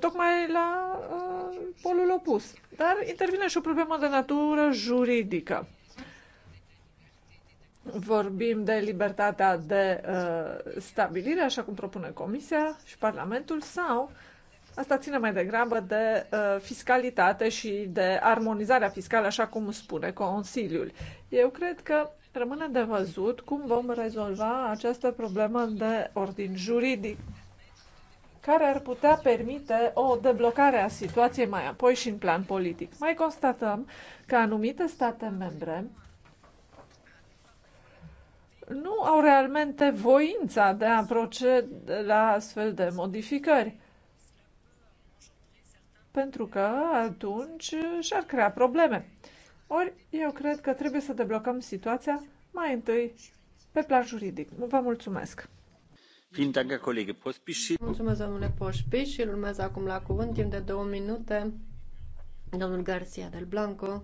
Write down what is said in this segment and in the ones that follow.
tocmai la uh, polul opus. Dar intervine și o problemă de natură juridică. Vorbim de libertatea de uh, stabilire, așa cum propune Comisia și Parlamentul, sau asta ține mai degrabă de uh, fiscalitate și de armonizarea fiscală, așa cum spune Consiliul. Eu cred că rămâne de văzut cum vom rezolva această problemă de ordin juridic care ar putea permite o deblocare a situației mai apoi și în plan politic. Mai constatăm că anumite state membre nu au realmente voința de a procede la astfel de modificări, pentru că atunci și-ar crea probleme. Ori eu cred că trebuie să deblocăm situația mai întâi pe plan juridic. Vă mulțumesc! Mulțumesc, domnule Poșpiș. Îl urmează acum la cuvânt timp de două minute domnul Garcia del Blanco.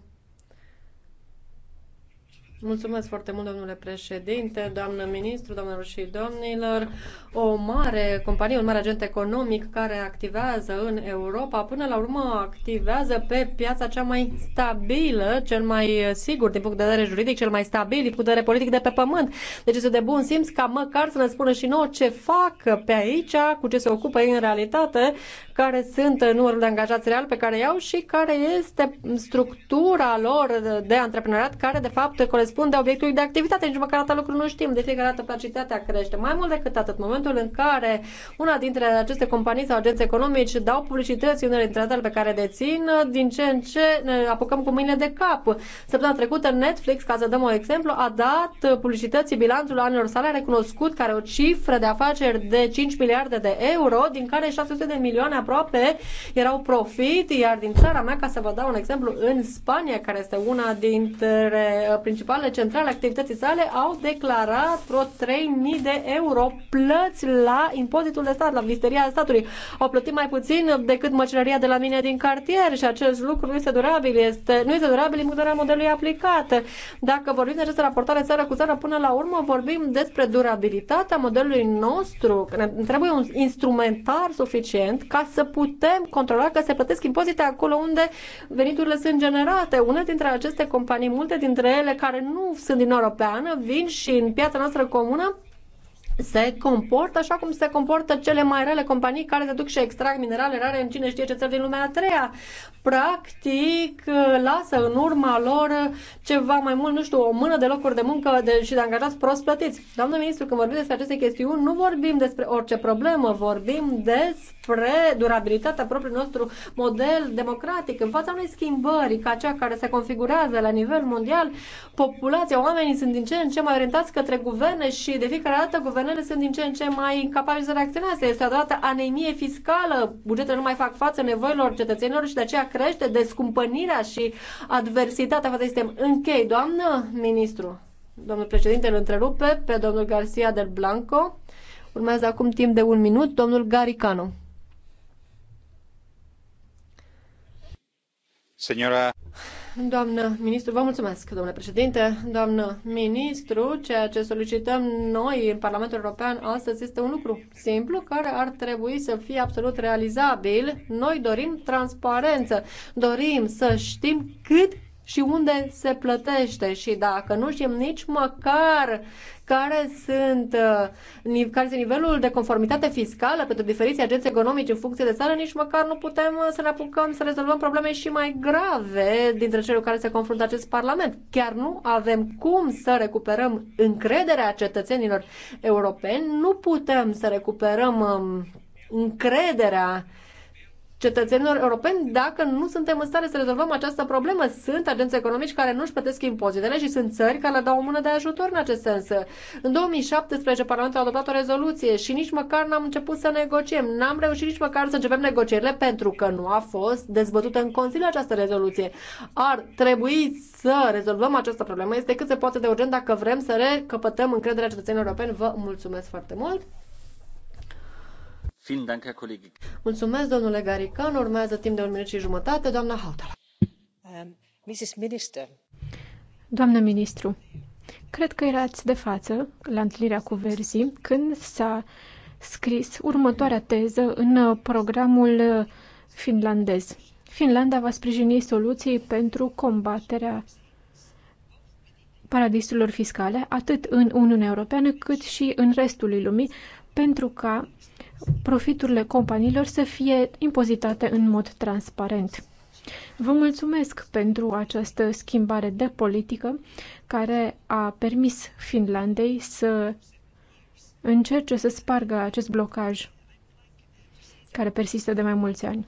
Mulțumesc foarte mult, domnule președinte, doamnă ministru, doamnelor și domnilor. O mare companie, un mare agent economic care activează în Europa, până la urmă activează pe piața cea mai stabilă, cel mai sigur din punct de vedere juridic, cel mai stabil din punct de vedere politic de pe pământ. Deci este de bun simț ca măcar să ne spună și nouă ce fac pe aici, cu ce se ocupă ei în realitate, care sunt numărul de angajați real pe care iau și care este structura lor de antreprenoriat care de fapt corespunde răspunde obiectului de activitate, nici măcar atâta lucru nu știm. De fiecare dată placitatea crește. Mai mult decât atât, momentul în care una dintre aceste companii sau agenți economici dau publicității unele dintre datele pe care dețin, din ce în ce ne apucăm cu mâinile de cap. Săptămâna trecută Netflix, ca să dăm un exemplu, a dat publicității bilanțul anilor sale, a recunoscut că are o cifră de afaceri de 5 miliarde de euro, din care 600 de milioane aproape erau profit, iar din țara mea, ca să vă dau un exemplu, în Spania, care este una dintre uh, principalele principalele centrale activității sale au declarat vreo 3.000 de euro plăți la impozitul de stat, la ministeria statului. Au plătit mai puțin decât măcelăria de la mine din cartier și acest lucru nu este durabil, este, nu este durabil din punct modelului aplicat. Dacă vorbim de această raportare țară cu țară, până la urmă vorbim despre durabilitatea modelului nostru, că ne trebuie un instrumentar suficient ca să putem controla că se plătesc impozite acolo unde veniturile sunt generate. Una dintre aceste companii, multe dintre ele care nu sunt din Europeană vin și în piața noastră comună se comportă așa cum se comportă cele mai rele companii care se duc și extrag minerale rare în cine știe ce țări din lumea a treia. Practic, lasă în urma lor ceva mai mult, nu știu, o mână de locuri de muncă de, și de angajați prost plătiți. Doamne ministru, când vorbim despre aceste chestiuni, nu vorbim despre orice problemă, vorbim despre durabilitatea propriului nostru model democratic în fața unei schimbări ca cea care se configurează la nivel mondial. Populația, oamenii sunt din ce în ce mai orientați către guverne și de fiecare dată guverne guvernele sunt din ce în ce mai incapabile să reacționeze. Este o dată anemie fiscală, bugetele nu mai fac față nevoilor cetățenilor și de aceea crește descumpănirea și adversitatea față de sistem. Închei, doamnă ministru. Domnul președinte îl întrerupe pe domnul Garcia del Blanco. Urmează acum timp de un minut domnul Garicano. Senora... Doamnă ministru, vă mulțumesc, domnule președinte. Doamnă ministru, ceea ce solicităm noi în Parlamentul European astăzi este un lucru simplu care ar trebui să fie absolut realizabil. Noi dorim transparență, dorim să știm cât și unde se plătește și dacă nu știm nici măcar care sunt uh, care este nivelul de conformitate fiscală pentru diferiți agenți economici în funcție de țară, nici măcar nu putem uh, să ne apucăm să rezolvăm probleme și mai grave dintre cele cu care se confruntă acest Parlament. Chiar nu avem cum să recuperăm încrederea cetățenilor europeni, nu putem să recuperăm um, încrederea cetățenilor europeni dacă nu suntem în stare să rezolvăm această problemă. Sunt agenți economici care nu-și plătesc impozitele și sunt țări care le dau o mână de ajutor în acest sens. În 2017 Parlamentul a adoptat o rezoluție și nici măcar n-am început să negociem. N-am reușit nici măcar să începem negocierile pentru că nu a fost dezbătută în Consiliu această rezoluție. Ar trebui să rezolvăm această problemă. Este cât se poate de urgent dacă vrem să recăpătăm încrederea cetățenilor europeni. Vă mulțumesc foarte mult! Mulțumesc, domnule Garican. Urmează timp de un minut și jumătate, doamna Hautala. Um, Doamnă ministru, cred că erați de față la întâlnirea cu Verzi când s-a scris următoarea teză în programul finlandez. Finlanda va sprijini soluții pentru combaterea paradisurilor fiscale, atât în Uniunea Europeană cât și în restul lumii, pentru ca profiturile companiilor să fie impozitate în mod transparent. Vă mulțumesc pentru această schimbare de politică care a permis Finlandei să încerce să spargă acest blocaj care persistă de mai mulți ani.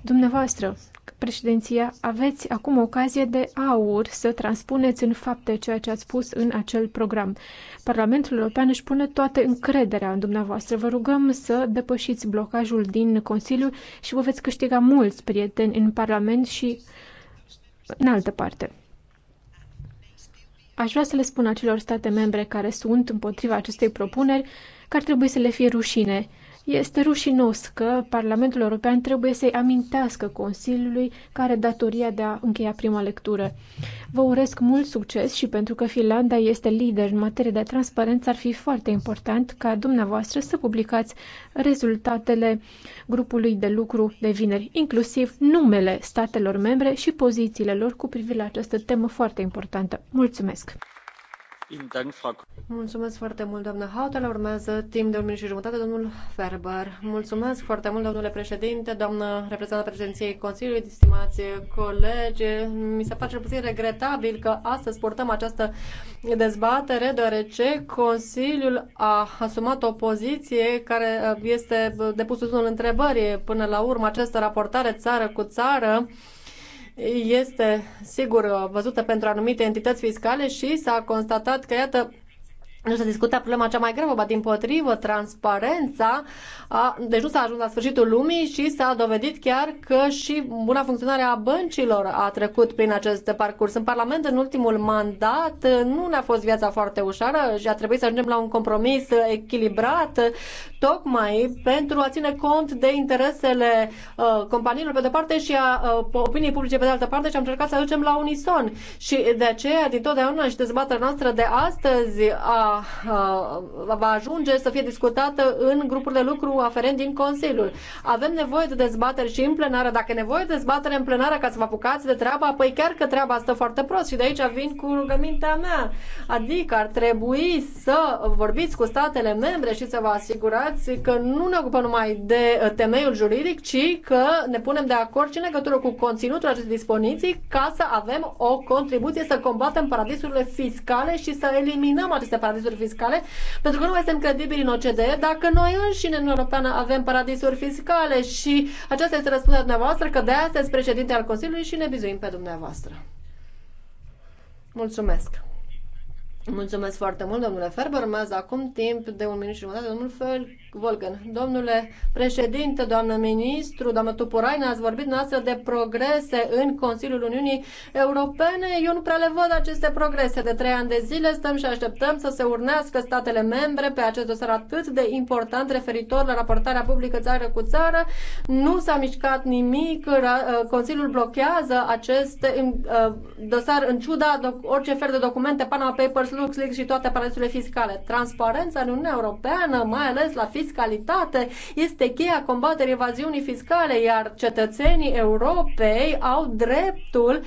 Dumneavoastră, președinția, aveți acum ocazie de aur să transpuneți în fapte ceea ce ați spus în acel program. Parlamentul European își pune toată încrederea în dumneavoastră. Vă rugăm să depășiți blocajul din Consiliu și vă veți câștiga mulți prieteni în Parlament și în altă parte. Aș vrea să le spun acelor state membre care sunt împotriva acestei propuneri că ar trebui să le fie rușine este rușinos că Parlamentul European trebuie să-i amintească Consiliului care datoria de a încheia prima lectură. Vă urez mult succes și pentru că Finlanda este lider în materie de transparență, ar fi foarte important ca dumneavoastră să publicați rezultatele grupului de lucru de vineri, inclusiv numele statelor membre și pozițiile lor cu privire la această temă foarte importantă. Mulțumesc! Mulțumesc foarte mult, doamnă Hautala. Urmează timp de un minut și jumătate, domnul Ferber. Mulțumesc foarte mult, domnule președinte, doamnă reprezentantă președinției Consiliului, stimați colegi. Mi se face puțin regretabil că astăzi purtăm această dezbatere, deoarece Consiliul a asumat o poziție care uh, este depusă în întrebări până la urmă această raportare țară cu țară este, sigur, văzută pentru anumite entități fiscale și s-a constatat că, iată, nu s-a discutat problema cea mai gravă, din potrivă, transparența, a, deci nu s-a ajuns la sfârșitul lumii și s-a dovedit chiar că și buna funcționare a băncilor a trecut prin acest parcurs. În Parlament, în ultimul mandat, nu ne-a fost viața foarte ușoară și a trebuit să ajungem la un compromis echilibrat, tocmai pentru a ține cont de interesele uh, companiilor pe de parte și a uh, opiniei publice pe de altă parte și am încercat să ajungem la unison. Și de aceea, din totdeauna și dezbaterea noastră de astăzi a va, uh, va ajunge să fie discutată în grupuri de lucru aferent din Consiliul. Avem nevoie de dezbatere și în plenară. Dacă e nevoie de dezbatere în plenară ca să vă apucați de treaba, păi chiar că treaba stă foarte prost și de aici vin cu rugămintea mea. Adică ar trebui să vorbiți cu statele membre și să vă asigurați că nu ne ocupăm numai de uh, temeiul juridic, ci că ne punem de acord și în legătură cu conținutul acestei dispoziții ca să avem o contribuție să combatem paradisurile fiscale și să eliminăm aceste paradisuri paradisuri fiscale, pentru că nu mai suntem credibili în OCDE dacă noi înșine în Europeană avem paradisuri fiscale și aceasta este răspunderea dumneavoastră că de astăzi președinte al Consiliului și ne bizuim pe dumneavoastră. Mulțumesc! Mulțumesc foarte mult, domnule Ferber. Urmează acum timp de un minut și jumătate, domnul Fel Volgan. Domnule președinte, doamnă ministru, doamnă Tupuraina, ați vorbit noastră de progrese în Consiliul Uniunii Europene. Eu nu prea le văd aceste progrese. De trei ani de zile stăm și așteptăm să se urnească statele membre pe acest dosar atât de important referitor la raportarea publică țară cu țară. Nu s-a mișcat nimic. Uh, Consiliul blochează acest uh, dosar în ciuda orice fel de documente, Panama Papers, LuxLeaks și toate aparaturile fiscale. Transparența în Uniunea Europeană, mai ales la fiscalitate, este cheia combaterii evaziunii fiscale, iar cetățenii Europei au dreptul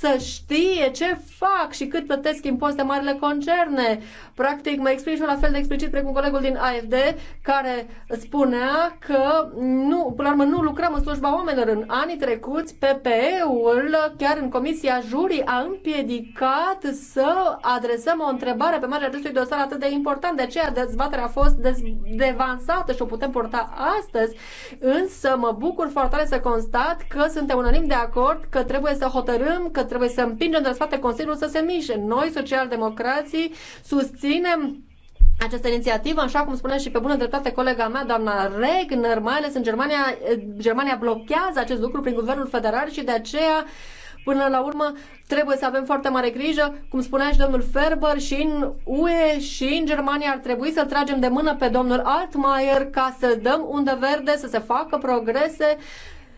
să știe ce fac și cât plătesc impozite marile concerne. Practic, mă explic la fel de explicit precum colegul din AFD, care spunea că nu, până la urmă, nu lucrăm în slujba oamenilor. În anii trecuți, PPE-ul, chiar în Comisia Jurii, a împiedicat să adresăm o întrebare pe marginea acestui dosar atât de important. De aceea, dezbaterea a fost devansată și o putem porta astăzi. Însă, mă bucur foarte tare să constat că suntem unanim de acord că trebuie să hotărâm că trebuie să împingem de spate Consiliul să se miște. Noi, socialdemocrații, susținem această inițiativă, așa cum spune și pe bună dreptate colega mea, doamna Regner, mai ales în Germania, Germania blochează acest lucru prin guvernul federal și de aceea Până la urmă, trebuie să avem foarte mare grijă, cum spunea și domnul Ferber, și în UE și în Germania ar trebui să tragem de mână pe domnul Altmaier ca să dăm unde verde, să se facă progrese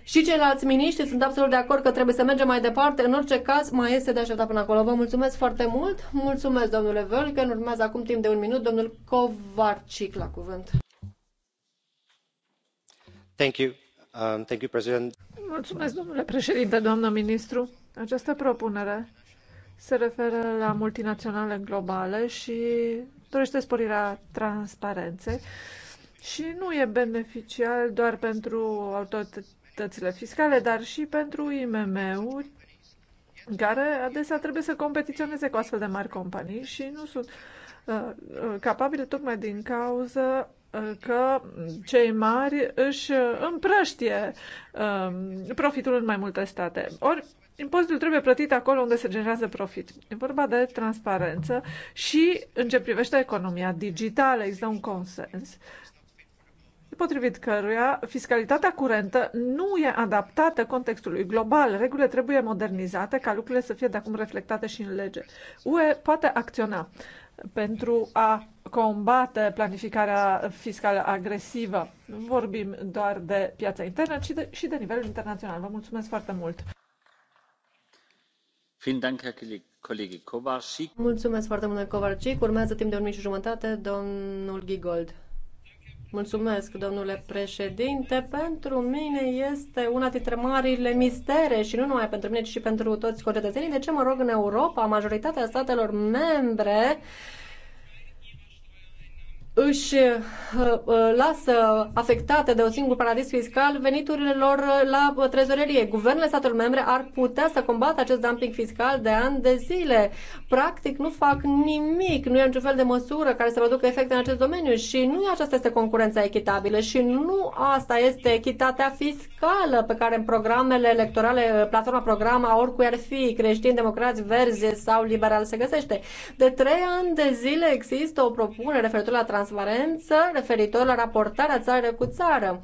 și ceilalți miniștri sunt absolut de acord că trebuie să mergem mai departe. În orice caz, mai este de așteptat până acolo. Vă mulțumesc foarte mult. Mulțumesc, domnule în Urmează acum timp de un minut domnul Covarcic la cuvânt. Thank you. Um, thank you, President. Mulțumesc, domnule președinte, doamnă ministru. Această propunere se referă la multinaționale globale și dorește sporirea transparenței și nu e beneficial doar pentru autorități autoritățile fiscale, dar și pentru IMM-uri care adesea trebuie să competiționeze cu astfel de mari companii și nu sunt uh, uh capabile tocmai din cauza uh, că cei mari își împrăștie uh, profitul în mai multe state. Ori impozitul trebuie plătit acolo unde se generează profit. E vorba de transparență și în ce privește economia digitală există un consens potrivit căruia fiscalitatea curentă nu e adaptată contextului global. Regulile trebuie modernizate ca lucrurile să fie de acum reflectate și în lege. UE poate acționa pentru a combate planificarea fiscală agresivă. Nu vorbim doar de piața internă, ci de, și de nivelul internațional. Vă mulțumesc foarte mult! Mulțumesc foarte mult, Kovarcic. Urmează timp de un minut și jumătate, domnul Gigold. Mulțumesc, domnule președinte. Pentru mine este una dintre marile mistere și nu numai pentru mine, ci și pentru toți cetățenii. De ce, mă rog, în Europa, majoritatea statelor membre uh, își uh, uh, lasă afectate de un singur paradis fiscal veniturile lor uh, la trezorerie. Guvernele statelor membre ar putea să combată acest dumping fiscal de ani de zile. Practic nu fac nimic, nu e niciun fel de măsură care să producă efecte în acest domeniu și nu aceasta este concurența echitabilă și nu asta este echitatea fiscală pe care în programele electorale, platforma programa, oricui ar fi, creștini, democrați, verzi sau liberal se găsește. De trei ani de zile există o propunere referitoare la trans transparență referitor la raportarea țară cu țară.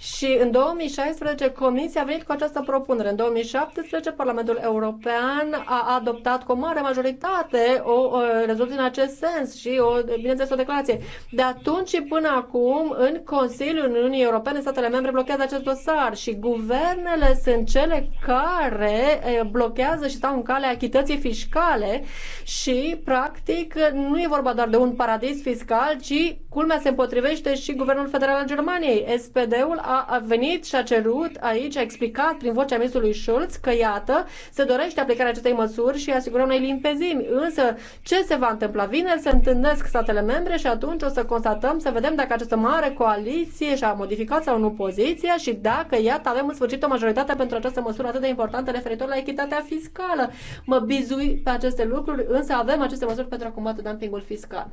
Și în 2016 Comisia a venit cu această propunere. În 2017 Parlamentul European a adoptat cu o mare majoritate o, o rezoluție în acest sens și, o, bineînțeles, o declarație. De atunci și până acum, în Consiliul Uniunii Europene, statele membre blochează acest dosar și guvernele sunt cele care blochează și stau în calea achității fiscale și, practic, nu e vorba doar de un paradis fiscal, ci Culmea se împotrivește și Guvernul Federal al Germaniei. SPD-ul a, venit și a cerut aici, a explicat prin vocea ministrului Schulz că, iată, se dorește aplicarea acestei măsuri și asigură unei limpezimi. Însă, ce se va întâmpla? Vineri se întâlnesc statele membre și atunci o să constatăm, să vedem dacă această mare coaliție și-a modificat sau nu poziția și dacă, iată, avem în sfârșit o majoritate pentru această măsură atât de importantă referitor la echitatea fiscală. Mă bizui pe aceste lucruri, însă avem aceste măsuri pentru a combate dumpingul fiscal.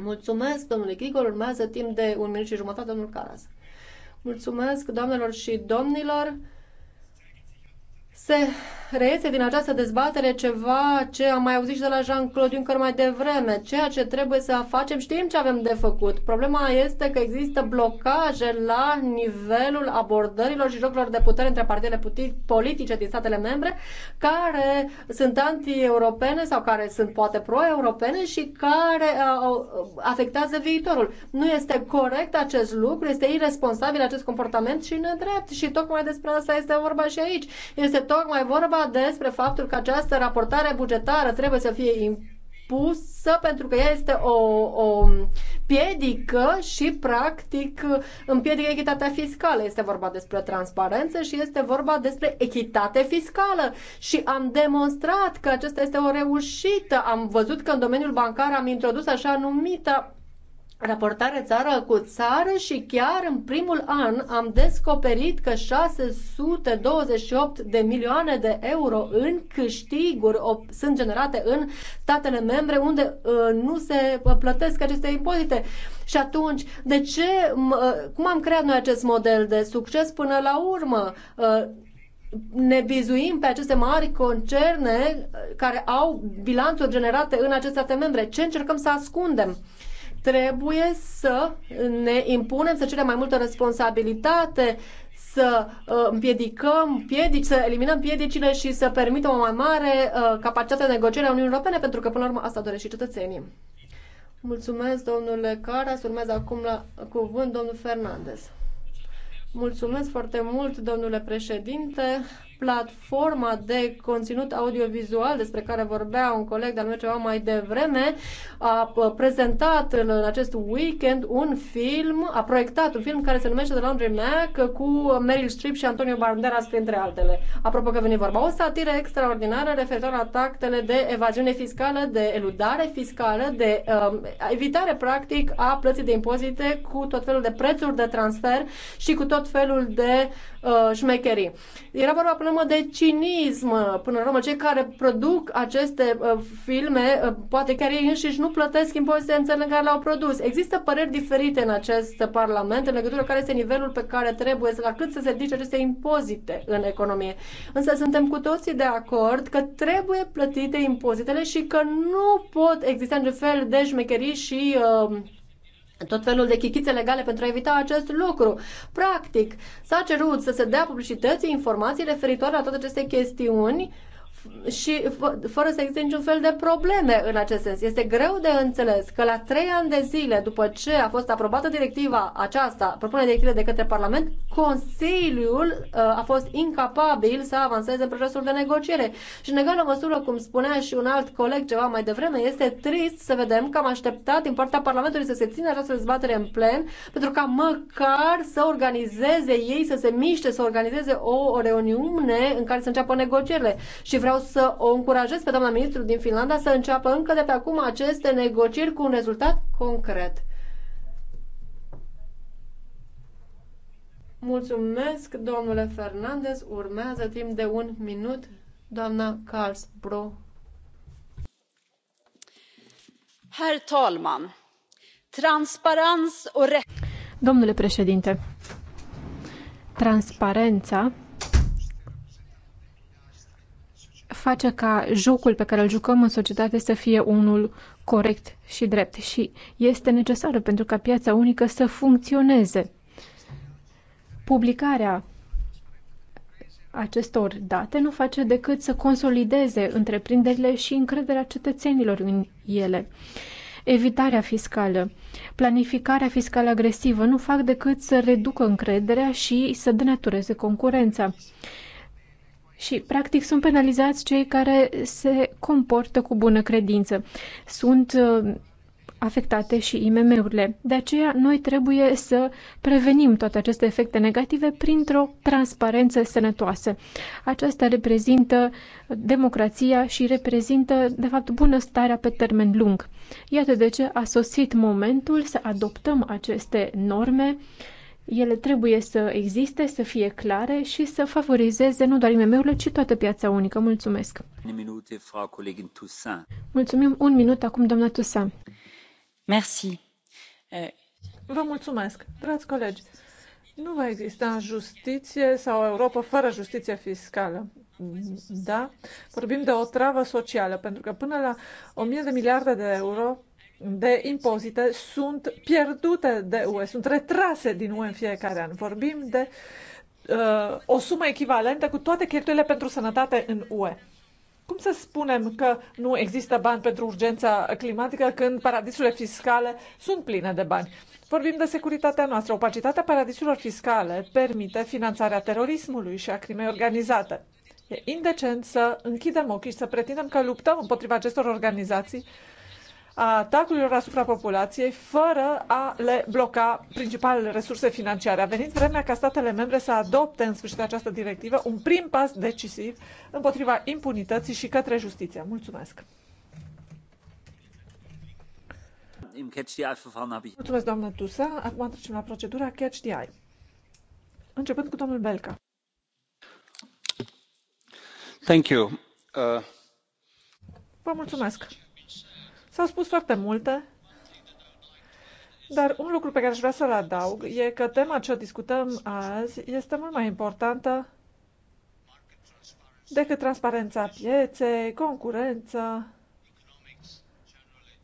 Mulțumesc, domnule Grigor. Urmează timp de un minut și jumătate, domnul Caras. Mulțumesc, doamnelor și domnilor se reiese din această dezbatere ceva ce am mai auzit și de la Jean-Claude Juncker mai devreme. Ceea ce trebuie să facem, știm ce avem de făcut. Problema este că există blocaje la nivelul abordărilor și jocurilor de putere între partidele politice din statele membre care sunt anti-europene sau care sunt poate pro-europene și care afectează viitorul. Nu este corect acest lucru, este irresponsabil acest comportament și nedrept și tocmai despre asta este vorba și aici. Este tot tocmai vorba despre faptul că această raportare bugetară trebuie să fie impusă pentru că ea este o, o piedică și practic împiedică echitatea fiscală. Este vorba despre transparență și este vorba despre echitate fiscală și am demonstrat că acesta este o reușită. Am văzut că în domeniul bancar am introdus așa numită raportare țară cu țară și chiar în primul an am descoperit că 628 de milioane de euro în câștiguri sunt generate în statele membre unde uh, nu se plătesc aceste impozite. Și atunci, de ce, uh, cum am creat noi acest model de succes până la urmă? Uh, ne bizuim pe aceste mari concerne care au bilanțuri generate în aceste state membre. Ce încercăm să ascundem? trebuie să ne impunem, să cerem mai multă responsabilitate, să uh, împiedicăm piedici, să eliminăm piedicile și să permitem o mai mare uh, capacitate de negociere a Uniunii Europene, pentru că, până la urmă, asta doresc și cetățenii. Mulțumesc, domnule Caras. Urmează acum la cuvânt domnul Fernandez. Mulțumesc foarte mult, domnule președinte platforma de conținut audiovizual despre care vorbea un coleg de-al meu ceva mai devreme a prezentat în acest weekend un film, a proiectat un film care se numește The Laundry Mac cu Meryl Streep și Antonio Banderas printre altele. Apropo că veni vorba, o satire extraordinară referitor la tactele de evaziune fiscală, de eludare fiscală, de um, evitare practic a plății de impozite cu tot felul de prețuri de transfer și cu tot felul de uh, șmecherii. Era vorba problemă de cinism. Până la urmă, cei care produc aceste uh, filme, uh, poate chiar ei înșiși nu plătesc impozite în țările în care le-au produs. Există păreri diferite în acest Parlament în legătură cu care este nivelul pe care trebuie să, la cât să se ridice aceste impozite în economie. Însă suntem cu toții de acord că trebuie plătite impozitele și că nu pot exista în fel de șmecherii și uh, tot felul de chichițe legale pentru a evita acest lucru. Practic, s-a cerut să se dea publicității informații referitoare la toate aceste chestiuni și fără să existe niciun fel de probleme în acest sens. Este greu de înțeles că la trei ani de zile după ce a fost aprobată directiva aceasta, propunerea directivă de către Parlament, Consiliul uh, a fost incapabil să avanseze în procesul de negociere. Și în egală măsură, cum spunea și un alt coleg ceva mai devreme, este trist să vedem că am așteptat din partea Parlamentului să se țină această dezbatere în plen, pentru ca măcar să organizeze ei, să se miște, să organizeze o reuniune în care să înceapă negocierile. Și vreau vreau să o încurajez pe doamna ministru din Finlanda să înceapă încă de pe acum aceste negocieri cu un rezultat concret. Mulțumesc, domnule Fernandez. Urmează timp de un minut doamna Karlsbro. Herr talman, transparență o Domnule președinte, transparența face ca jocul pe care îl jucăm în societate să fie unul corect și drept și este necesară pentru ca piața unică să funcționeze. Publicarea acestor date nu face decât să consolideze întreprinderile și încrederea cetățenilor în ele. Evitarea fiscală, planificarea fiscală agresivă nu fac decât să reducă încrederea și să denatureze concurența. Și, practic, sunt penalizați cei care se comportă cu bună credință. Sunt uh, afectate și IMM-urile. De aceea, noi trebuie să prevenim toate aceste efecte negative printr-o transparență sănătoasă. Aceasta reprezintă democrația și reprezintă, de fapt, bunăstarea pe termen lung. Iată de ce a sosit momentul să adoptăm aceste norme ele trebuie să existe, să fie clare și să favorizeze nu doar IMM-urile, ci toată piața unică. Mulțumesc! Mulțumim un minut acum, doamna Toussaint. Merci. Eh, vă mulțumesc, dragi colegi. Nu va exista justiție sau Europa fără justiție fiscală. Da? Vorbim de o travă socială, pentru că până la 1000 de miliarde de euro de impozite sunt pierdute de UE, sunt retrase din UE în fiecare an. Vorbim de uh, o sumă echivalentă cu toate cheltuielile pentru sănătate în UE. Cum să spunem că nu există bani pentru urgența climatică când paradisurile fiscale sunt pline de bani? Vorbim de securitatea noastră. Opacitatea paradisurilor fiscale permite finanțarea terorismului și a crimei organizate. E indecent să închidem ochii și să pretindem că luptăm împotriva acestor organizații a atacurilor asupra populației fără a le bloca principalele resurse financiare. A venit vremea ca statele membre să adopte în sfârșit această directivă, un prim pas decisiv împotriva impunității și către justiție. Mulțumesc! Mulțumesc, doamnă Tusa. Acum trecem la procedura Catch the Eye. Începând cu domnul Belca. Thank you. Uh... Vă mulțumesc S-au spus foarte multe, dar un lucru pe care aș vrea să-l adaug e că tema ce o discutăm azi este mult mai importantă decât transparența pieței, concurență,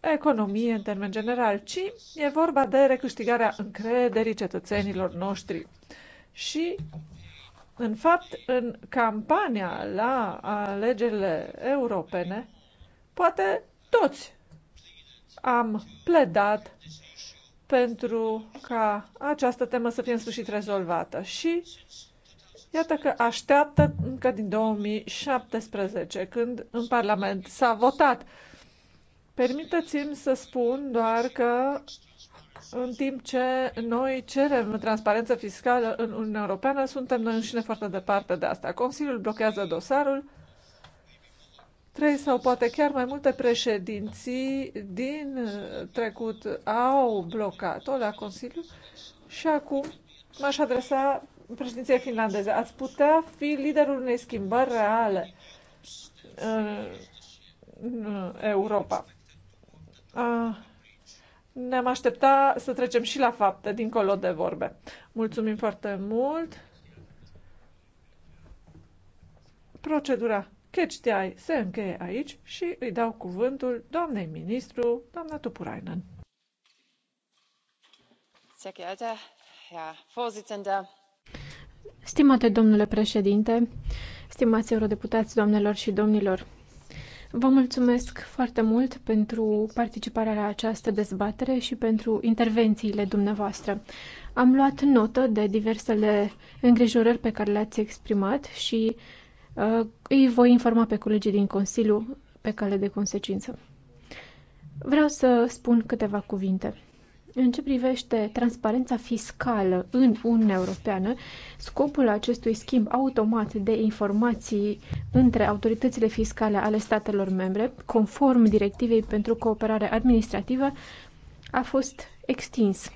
economie în termen general, ci e vorba de recâștigarea încrederii cetățenilor noștri. Și, în fapt, în campania la alegerile europene, poate toți am pledat pentru ca această temă să fie în sfârșit rezolvată și iată că așteaptă încă din 2017, când în Parlament s-a votat. Permiteți-mi să spun doar că în timp ce noi cerem transparență fiscală în Uniunea Europeană, suntem noi înșine foarte departe de asta. Consiliul blochează dosarul, Trei sau poate chiar mai multe președinții din uh, trecut au blocat-o la Consiliu și acum m-aș adresa președinției finlandeze. Ați putea fi liderul unei schimbări reale în uh, Europa. Uh, ne-am aștepta să trecem și la fapte, dincolo de vorbe. Mulțumim foarte mult. Procedura CatchTI se încheie aici și îi dau cuvântul doamnei ministru, doamna Tupurainen. Stimate domnule președinte, stimați eurodeputați, doamnelor și domnilor, vă mulțumesc foarte mult pentru participarea la această dezbatere și pentru intervențiile dumneavoastră. Am luat notă de diversele îngrijorări pe care le-ați exprimat și Uh, îi voi informa pe colegii din Consiliu pe cale de consecință. Vreau să spun câteva cuvinte. În ce privește transparența fiscală în Uniunea Europeană, scopul acestui schimb automat de informații între autoritățile fiscale ale statelor membre, conform directivei pentru cooperare administrativă, a fost extins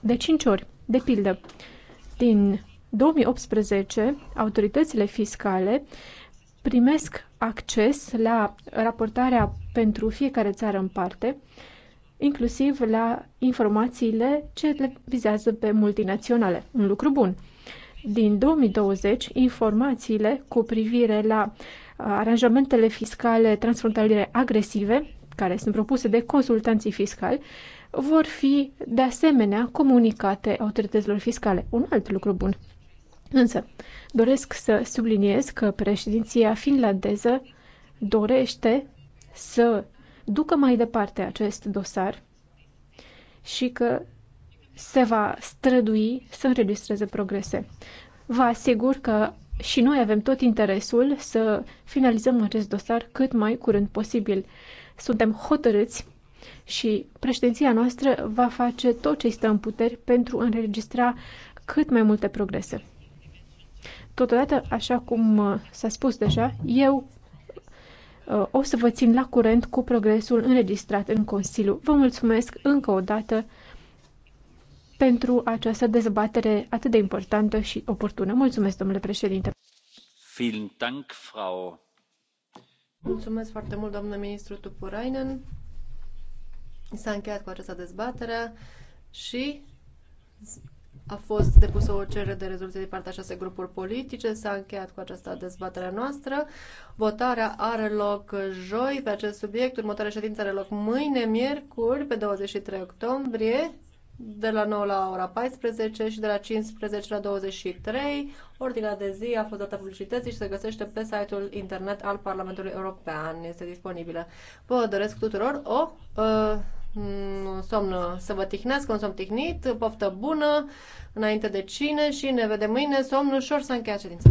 de 5 ori. De pildă, din 2018, autoritățile fiscale primesc acces la raportarea pentru fiecare țară în parte, inclusiv la informațiile ce le vizează pe multinaționale. Un lucru bun. Din 2020, informațiile cu privire la uh, aranjamentele fiscale transfrontaliere agresive, care sunt propuse de consultanții fiscali, vor fi de asemenea comunicate autorităților fiscale. Un alt lucru bun. Însă, doresc să subliniez că președinția finlandeză dorește să ducă mai departe acest dosar și că se va strădui să înregistreze progrese. Vă asigur că și noi avem tot interesul să finalizăm acest dosar cât mai curând posibil. Suntem hotărâți și președinția noastră va face tot ce stă în puteri pentru a înregistra cât mai multe progrese. Totodată, așa cum uh, s-a spus deja, eu uh, o să vă țin la curent cu progresul înregistrat în Consiliu. Vă mulțumesc încă o dată pentru această dezbatere atât de importantă și oportună. Mulțumesc, domnule președinte. Mulțumesc foarte mult, domnule ministru Tupurainen. S-a încheiat cu această dezbatere și a fost depusă o cerere de rezoluție din partea șase grupuri politice. S-a încheiat cu această dezbatere noastră. Votarea are loc joi pe acest subiect. Următoarea ședință are loc mâine, miercuri, pe 23 octombrie, de la 9 la ora 14 și de la 15 la 23. Ordinea de zi a fost dată publicității și se găsește pe site-ul internet al Parlamentului European. Este disponibilă. Vă doresc tuturor o uh, un somn să vă tihnească, un somn tihnit, poftă bună, înainte de cine și ne vedem mâine, somn ușor să încheia ședința.